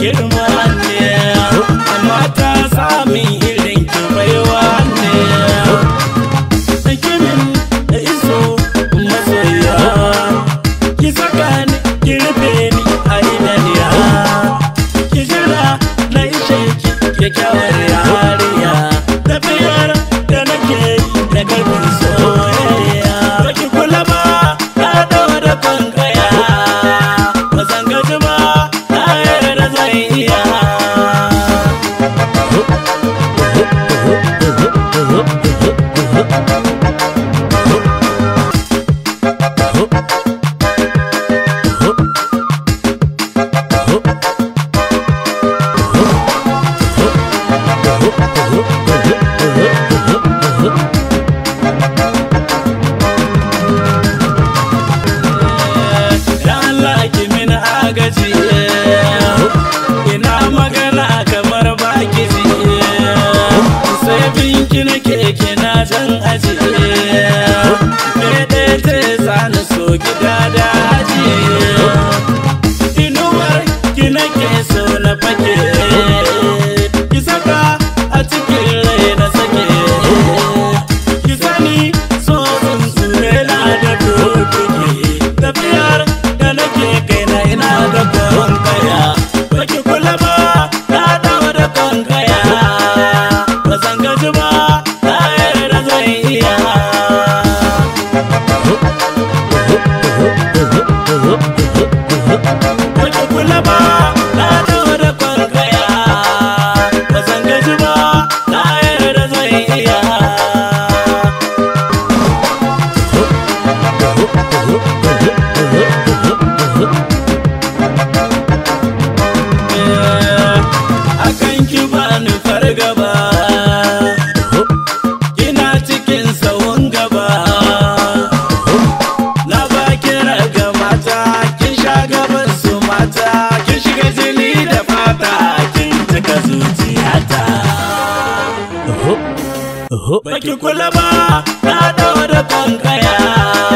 girma ne mata samun irin kibaiwa ne da na da iso masoya ki saka ni ki ni a idaniya ki jira na ishe ki kyakkyawa good Akan ki bani fargaba Ina cikin sawon gaba Na baki raga mata Kin sha gaban su mata Kin shiga jini da fata Kin cika zuciyata Baki kula ba Na dawo da kankaya